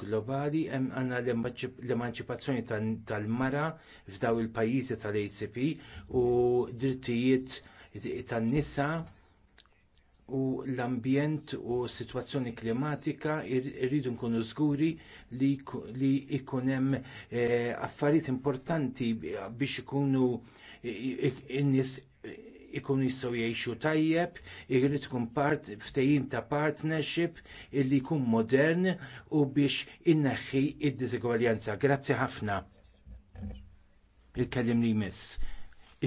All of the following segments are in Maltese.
globali hemm għandna l-emanċipazzjoni tal-mara f'daw il-pajjiżi tal-ACP u drittijiet tan-nisa u l-ambjent u s-sitwazzjoni klimatika irridu nkunu żguri li jkun hemm eh, affarijiet importanti biex ikunu in-nies Ikun jistgħu jgħixu tajjeb, irrid tkun part ftehim ta' partnership illi jkun modern u biex inneħħi d diżegwaljanza Grazzi ħafna. Il-kellim li jmiss.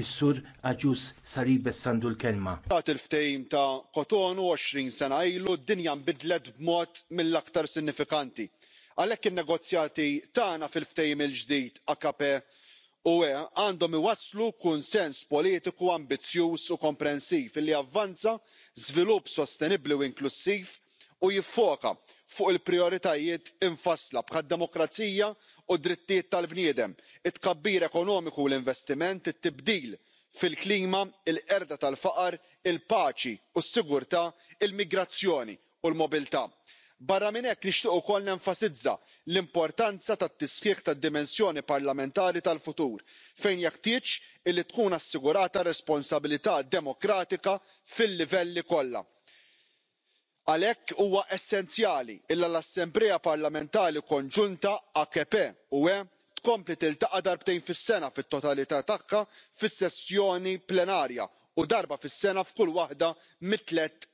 Is-sur Aġus Saribes sandu l-kelma. Tat il-ftehim ta' Kotonu 20 sena ilu d-dinja nbidlet b'mod mill-aktar sinifikanti. Għalhekk in-negozjati tagħna fil-ftehim il-ġdid AKP ue għandhom iwasslu kunsens politiku ambizzjuż u komprensiv li javvanza żvilupp sostenibbli u inklussiv u jiffoka fuq il prijoritajiet infassla bħad demokrazija u d-drittijiet tal bniedem it tkabbir ekonomiku u l investiment it tibdil fil klima il qerda tal faqar il paċi u s sigurtà il migrazzjoni u l mobilità barra minn hekk nixtieq ukoll nenfasizza l importanza tat-tisħiħ tad-dimensjoni parlamentari tal futur fejn jeħtieġ li tkun assigurata responsabbiltà demokratika fil-livelli kollha. għalhekk huwa essenzjali li l assemblea parlamentari konġunta akp ue tkompli tiltaqa' darbtejn fis-sena fit-totalità tagħha fis-sessjoni plenarja u darba fis-sena f'kull waħda mit-tliet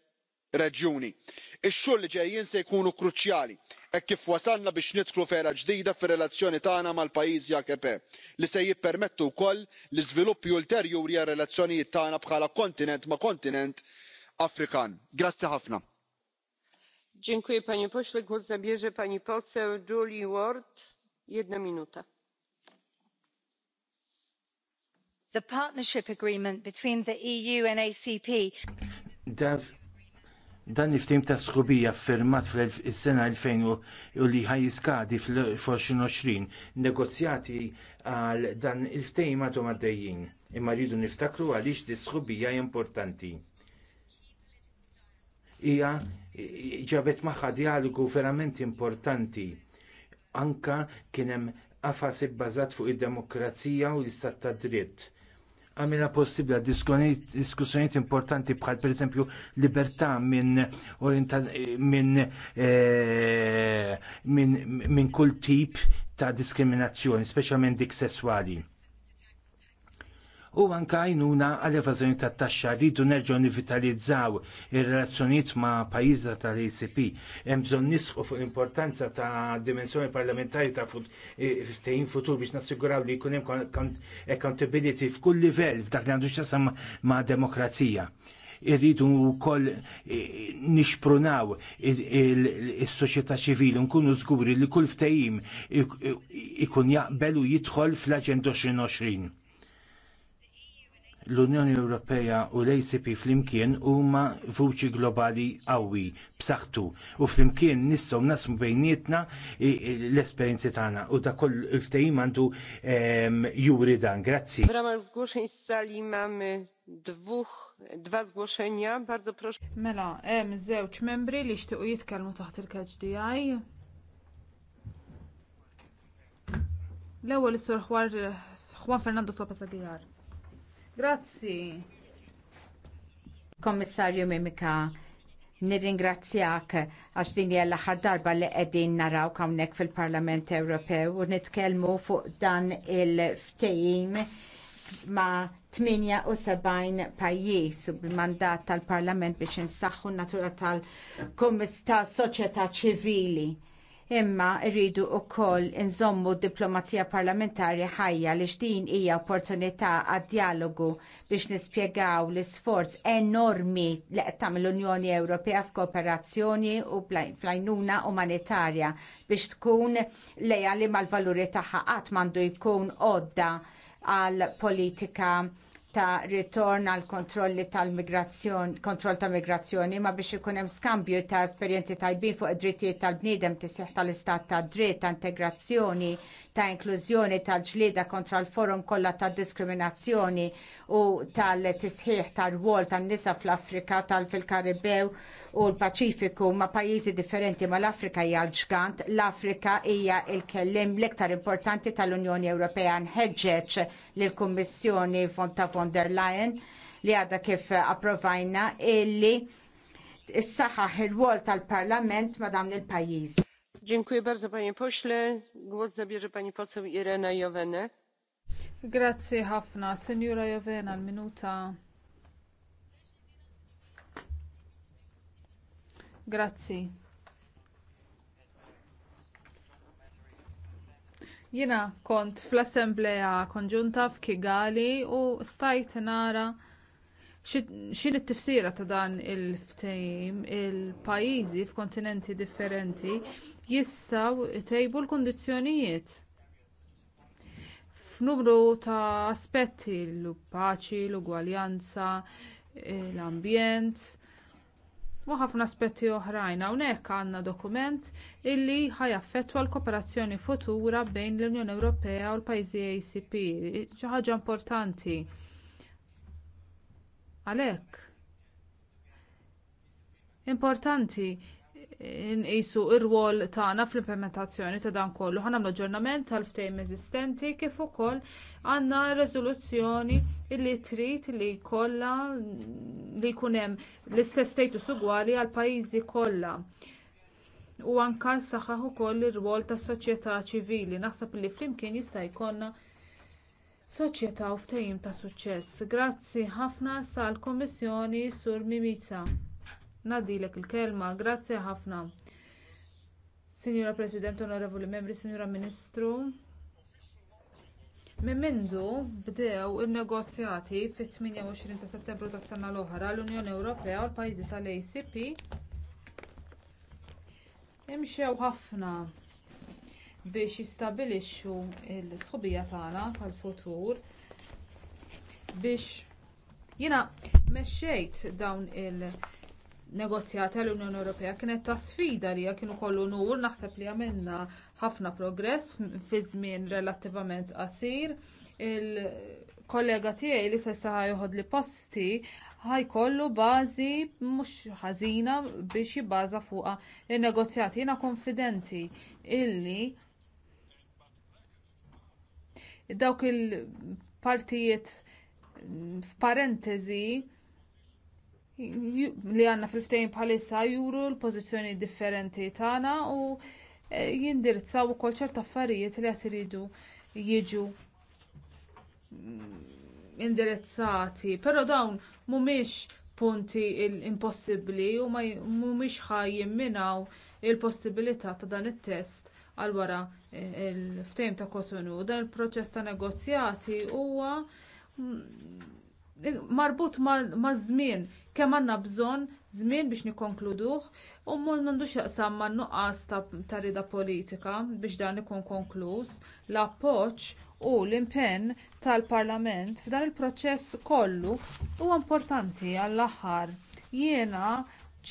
reġjuni. ix xogħol li ġejjin se jkunu kruċjali hekk kif wasalna biex nidħlu fera ġdida fir-relazzjoni tagħna mal-pajjiżi akp li se jippermettu wkoll iżviluppi ulterjuri għar-relazzjonijiet tagħna bħala kontinent ma' kontinent afrikan. grazzi ħafna. the partnership agreement between the eu and acp Dan il ta' sħubija firmat fl-sena 2000 u li ħaj jiskadi fl-2020 negozjati għal dan il-ftim għatom għaddejjin. Imma rridu niftakru għaliex di sħubija importanti. Hija ġabet magħha dialogu verament importanti. Anka kien hemm qafas ibbażat fuq id-demokrazija u l-istat ta' dritt għamilna possibla diskussjoniet importanti bħal per eżempju libertà minn eh, minn minn kull tip ta' diskriminazzjoni, speċjalment dik sessuali u anka għajnuna għal evażjoni tat taxxa rridu nerġgħu nivitalizzaw ir-relazzjonijiet ma' pajjiżna tal-ACP. Hemm bżonn nisħu fuq l-importanza ta' dimensjoni parlamentari ta' e, ftehim futur biex nassiguraw li jkun hemm accountability f'kull livell f'dak li għandu x'tasam ma' demokrazija irridu wkoll e, nixprunaw is-soċjetà ċivili nkunu żguri li kull ftehim ikun jaqbel u jidħol fl aġendu 2020 l-Unjoni Ewropea u l-ACP flimkien huma vuċi globali qawwi b'saħħtu u flimkien nistgħu nasmu bejnietna l-esperjenzi tagħna u ta' koll il-ftehim għandu juri dan. Grazzi. Brama ramach sali dwóch, dwa zgłoszenia. Bardzo proszę. Mela, hemm żewġ membri li jixtiequ jitkellmu taħt il-KHDI. L-ewwel is-sur Juan Fernando Lopez Aguilar. Grazzi. Kommissarju Mimika, nirringrazzjak għax din hija l-aħħar darba li qegħdin naraw hawnhekk fil-Parlament Ewropew u nitkellmu fuq dan il-ftehim ma' 78 pajjiż u bil-mandat tal-Parlament biex insaħħu n natura tal-Kummista Soċjetà Ċivili imma rridu wkoll inżommu d diplomazija parlamentari ħajja li din hija opportunità għad-dialogu biex nispjegaw l-isforz enormi li qed tagħmel l-Unjoni Ewropea f'kooperazzjoni u fl-għajnuna umanitarja biex tkun li mal-valuri tagħha qatt m'għandu jkun għodda għal politika ta' ritorn għal kontrolli tal-migrazzjoni, kontroll ta' migrazzjoni, ma biex ikun hemm skambju ta' esperjenzi tajbin fuq id-drittijiet tal-bniedem tisseħ tal-istat ta' dritt, ta' integrazzjoni, ta' inklużjoni tal-ġlieda kontra l-forum kollha ta' diskriminazzjoni u tal-tisħiħ tar-rwol tan-nisa fl-Afrika tal-fil-Karibew u l-Paċifiku ma' pajjiżi differenti ma' l-Afrika hija l-ġgant, l-Afrika hija l-kellim l-iktar importanti tal-Unjoni Ewropea nħeġġeġ lill-Kummissjoni ta' von der Leyen li għadha kif approvajna illi s-saħħaħ il-wol tal-Parlament ma' dawn pajjiż pajjiżi Dziękuję bardzo panie pośle. Głos zabierze pani poseł Irena Jowene. Grazzi ħafna, Senjura Jovena, l-minuta Grazzi. Jiena kont fl-Assembleja Konġunta f'Kigali u stajt nara it tifsira ta' dan il ftejm il-pajjiżi f'kontinenti differenti jistgħu tejbu l-kundizzjonijiet f'numru ta' aspetti l-paċi, l-ugwaljanza, l-ambjent, u ħafna aspetti oħrajn hawnhekk għandna dokument illi ħajaffettwa l-kooperazzjoni futura bejn l-unjoni ewropea u l-pajjiżi acp xi ħaġa importanti għalhekk importanti nqisu r-rwol tagħna fl-implementazzjoni ta' dan kollu ħa l aġġornament tal-ftehim eżistenti kif ukoll għandna r-reżoluzzjoni li trid li kollha li jkun hemm l-istess status ugwali għal pajjiżi kollha u anke saħħaħ ukoll ir-rwol tas-soċjetà ċivili naħseb li flimkien jista' jkollna soċjetà u ftehim ta' suċċess. Grazzi ħafna sal-Kummissjoni Sur Mimica ngħaddilek il-kelma grazzi ħafna sinjura president onorevoli membri sinjura ministru minn bdew in-negozjati fit-28 ta' settembru tas-sena l-oħra l-unjoni ewropea u l-pajjiżi tal-acp imxew ħafna biex jistabbilixxu l-sħubija tagħna tal-futur biex jiena mexxejt dawn il- negozjata l-Unjoni Ewropea kienet ta' sfida li kienu kollu nur naħseb li għamilna ħafna progress fi żmien relattivament qasir. Il-kollega tiegħi li se saħa joħod li posti ħajkollu bażi mhux ħażina biex jibbaża fuqha il negozjati Jiena konfidenti illi dawk il-partijiet f'parentesi li għandna fil-ftejn bħalissa juru l pozizjoni differenti tagħna u eh, jindirizzaw ukoll ċert affarijiet li qed iridu jiġu mm, indirizzati, però dawn mhumiex punti impossibbli u mhumiex minnaw il-possibilità ta' dan it-test għal wara eh, il ftehim ta' Kotonu. Dan il-proċess ta' negozjati huwa mm, marbut ma' żmien kemm għandna bżonn żmien biex nikkonkluduh u m'għandux jaqsam ma' nuqqas ta' rida politika biex dan ikun konkluż l-appoġġ u l-impenn tal-Parlament f'dan il-proċess kollu huwa importanti għall-aħħar. Jiena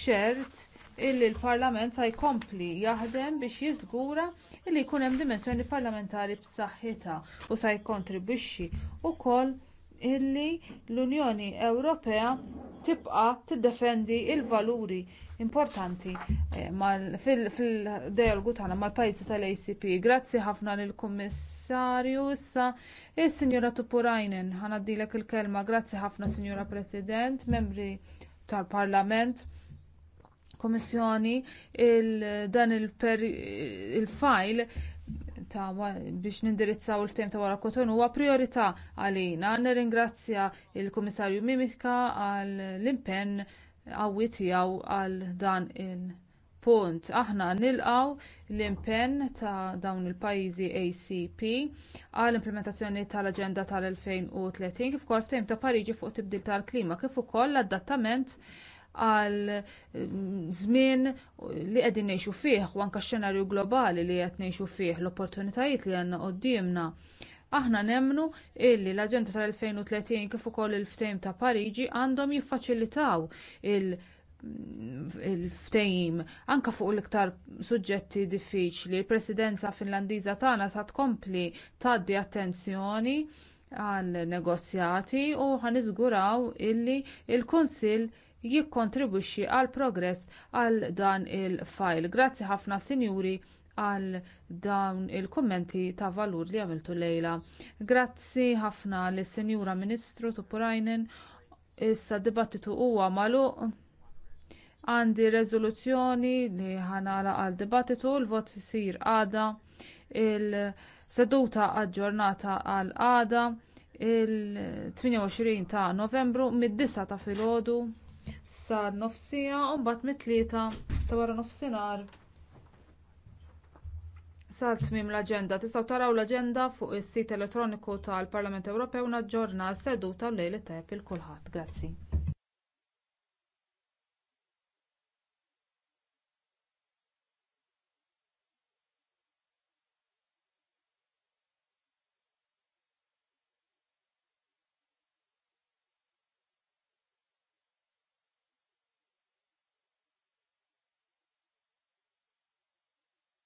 ċert illi l-Parlament se jkompli jaħdem biex jiżgura li jkun hemm dimensjoni parlamentari b'saħħitha u sa jikkontribwixxi wkoll illi l-unjoni ewropea tibqa' tiddefendi l-valuri importanti eh, fid-dialogu tagħna mal-pajjiżi tal-acp grazzi ħafna lill-kummissarju issa is-sinjura tuppurainen ħanaddilek il-kelma grazzi ħafna sinjura president membri tal-parlament kummissjoni il dan il-file ta' biex nindirizzaw il-ftehim ta' wara Kotonu huwa priorità għalina. Nirringrazzja l kummissarju Mimika għall impenn qawwi tiegħu għal dan il-punt. Aħna nilqgħu l-impenn ta' dawn il-pajjiżi ACP għall implementazzjoni tal-Aġenda tal-2030 kif ukoll ftehim ta' Pariġi fuq tibdil tal-klima kif ukoll l-adattament għal mm, żmien li qegħdin ngħixu fih u anke x-xenarju globali li qed ngħixu fih l-opportunitajiet li għandna qudiemna. Aħna nemmnu illi l-Aġenda tal-2030 kif ukoll il-ftehim ta' Pariġi għandhom jiffaċilitaw il- mm, ftehim anke fuq l-iktar suġġetti diffiċli. Il-Presidenza Finlandiża tagħna sa tkompli tgħaddi attenzjoni għal negozjati u ħanizguraw illi l il kunsill jikkontribwixxi għal progress għal dan il-file. Grazzi ħafna sinjuri għal dawn il-kummenti ta' valur li għamiltu lejla. Grazzi ħafna lis sinjura Ministru Tupurajnen. Issa dibattitu huwa magħluq. Għandi reżoluzzjoni li ħanala għal dibattitu l-vot isir għada il-seduta aġġornata għal għada il-28 ta' novembru mid disa ta' filgħodu sa nofsija u mbagħad mit-tlieta ta' wara nofsinhar sar tmiem l-aġenda tistgħu taraw l-aġenda fuq is-sit elettroniku tal-parlament ewropew naġġorna s-seduta u lejl it-tajjeb kulħadd grazzi